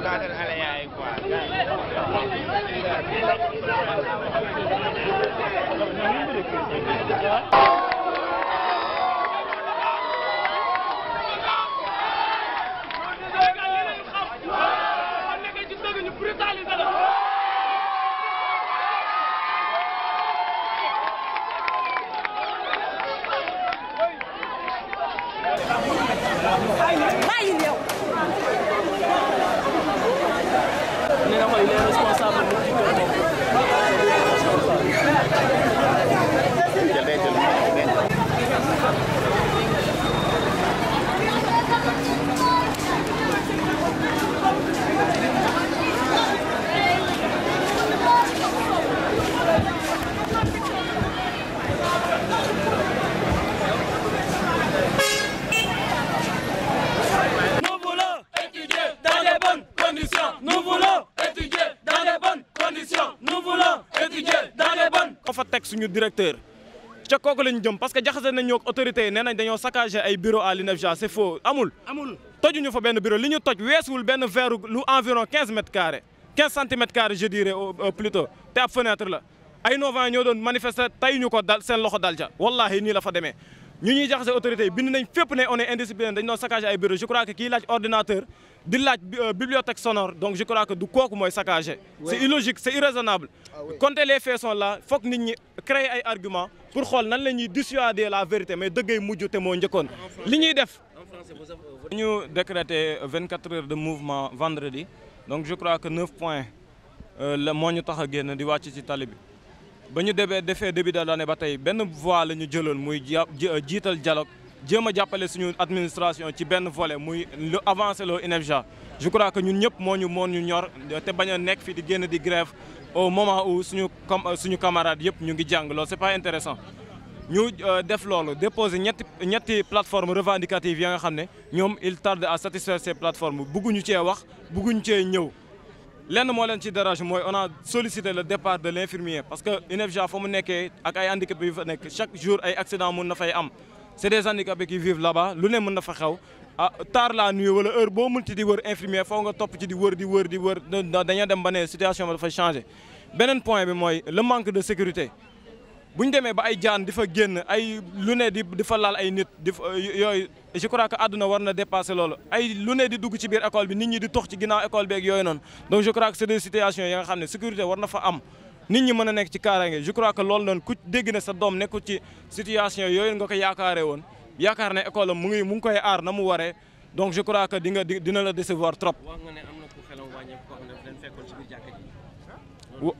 Gracias. suñu directeur ca kooku lañ jëm parce que jaxase nañ ñoo autorités yi nee nañ dañoo saccagé ay bureau à l'INEFJA c'est amul. amul tojuñu fa benn bureau li ñu toj weesuwul benn verre lu environ quinze mètres carrés quinze centimètres carrés je dirais euh, plutôt te ab fenêtre la ay novant ñoo doon manifester tey ñu ko dal seen loxo dal ca wallaahi nii la fa demee. ñu ñuy jaxase autorité yi bind nañ fépp ne on est indiscipliné dañ doon saccagé ay bureau je crois que kii laaj ordinateur di laaj euh, bibliothèque sonore donc je crois que du kooku mooy saccagé c'est illogique c'est irraisonnable ah compter les faits sont là foog nit ñi créer ay argument pour xool nan la ñuy dissuader la vérité mais dëggay mujj te moo njëkkoon li ñuy def ñu décrété 24 heures de mouvement vendredi donc je crois que 9 points euh, la moo ñu tax a génn di wàcc ci tali bi ba ñu debee defee début daal l'année ba tey benn voie la ñu jëloon muy jiital dialogue jéem a jàppale suñu administration ci benn volet muy lu avancé loo INEFJA je crois que ñun ñëpp moo ñu moo ñu ñor te bañ a nekk fi di génn di grève au moment où suñu suñu camarades yëpp ñu ngi jàng loolu c'est pas intéressant ñu euh, def loolu déposer ñetti ñetti plateforme revendicative yi nga xam ne ñoom il tarde à satisfaire ces plateformes bugguñu cee wax bugguñu cee ñëw lenn moo leen ci dérange mooy on a sollicité le départ de l' infirmier parce que UNEFJA fa mu nekkee ak ay handicapés yu fa nekk chaque jour ay accident mun na fay am c' est des handicapés qui lu ne mën na fa xew ah tard la nuit wala heure boo mun mënti di wër infirmier foo nga topp ci di wër di wër di wër dañoo dem ba ne situation ba dafay changé beneen point bi mooy le manque de sécurité bu ñu demee ba ay jaan dafa génn ay lu ne di dafa fa laal ay nit di fa yooyu je crois que àdduna war na dépasser loolu ay lu ne di dugg ci biir école bi nit ñi di tox ci ginnaaw école bi ak yooyu noonu donc je crois que c'est des situations yi na fa am. nit ñi mën a nekk ci kaaraange je que loolu noonu ku dégg ne sa doom nekkul ci yooyu nga ko yaakaaree woon yaakaar ne école am mu ngi mu ngi koy aar na mu waree donc je crois que di nga dina la décevoir trop. wax nga ne am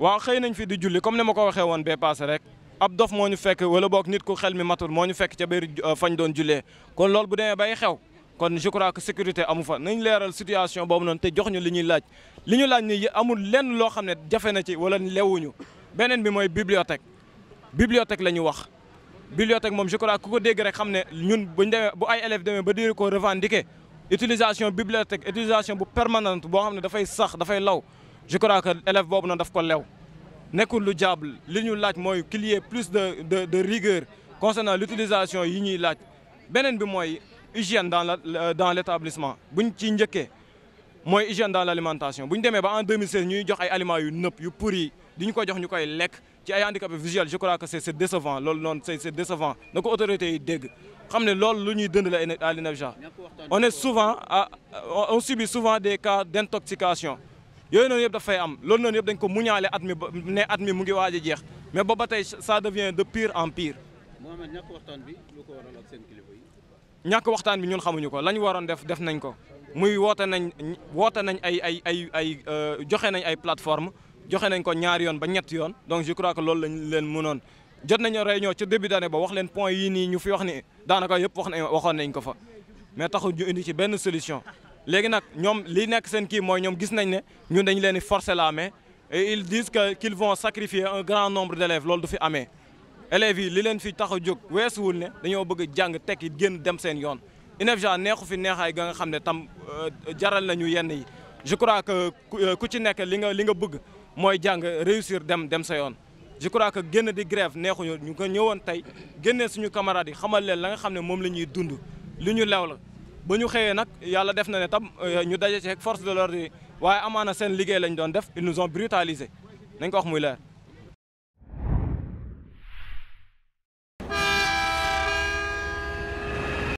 waaw xëy nañ fi di julli comme ni ma ko waxee woon bee paase rek ab dof moo ñu fekk wala boog nit ku xel mi matul moo ñu fekk ca biir euh, fañ doon jullee kon lool bu demee bay xew kon je crois que sécurité amu fa nañ leeral situation boobu noonu te jox ñu li ñuy laaj li ñu laaj ni amul leen loo xam ne jafe na ci wala lewuñu beneen bi mooy bibliothèque bibliothèque la ñu wax bibliothèque moom je ku ko dégg rek xam ne ñun buñ bu ay élèves demee ba diri ko revendiquer utilisation bibliothèque utilisation bu permanente boo xam ne dafay sax dafay law je crois que élève boobu noonu daf ko lew nekkul lu jaab li ñu laaj mooy qu'il y ait plus de de de rigueur concernant l'utilisation yi ñuy laaj beneen bi mooy hygiène dans la dans l'établissement buñ ci njëkkee mooy hygiène dans l'alimentation bu ñu demee ba en 2016 ñuy jox ay aliments yu nëpp yu pourri di ñu ko jox ñu koy lekk ci ay handicapés visuels je crois que c'est c'est décevant loolu noonu c'est c'est décevant na ko autorités yi dégg xam ne loolu lu ñuy dënd la à l'INEFJA on est souvent on subit souvent des cas d'intoxication yooyu noonu yëpp daf am loolu noonu yëpp dañ ko muñaale at mi ba ne at mi mu ngi waaj a jeex mais ba ba tey ça devient de pire en pire. waxtaan bi lu waxtaan bi ñun xamuñu ko la ñu waroon def def nañ ko muy woote nañ woote nañ ay ay ay ay euh, joxe nañ ay plateforme joxe nañ ko ñaari yoon ba ñett yoon donc je crois que loolu lañ leen mënoon jot nañu réunion ca début d'année ba wax leen point yii nii ñu fi wax ni daanaka yëpp wax nañ waxoon nañ ko fa mais taxul ñu indi ci benn solution. léegi nag ñoom li nekk seen kii mooy ñoom gis nañ ne ñun dañu leen di forcer la main et ils disent que qu'ils vont sacrifier un grand nombre d'élèves loolu du fi amee élèves yi li leen fi tax a jóg weesuwul ne dañoo bëgg jàng tekki génn dem seen yoon INEFJA neexu fi neexaay ga nga xam ne tam euh, jaral nañu yenn yi je crois que euh, ku ci nekk li nga li nga bëgg mooy jàng réussir dem dem sa yoon je crois que génn di grève neexuñu ñu ko ñëwoon tey génnee suñu camarades yi xamal leen la nga xam ne moom la ñuy dund li ñu lew la ba ñu xëyee nag yàlla def na ne tam euh, ñu daje ci force de l'ordre yi waaye amaana seen liggéey lañ doon def ils nous ont brutalisé nañ ko muy leer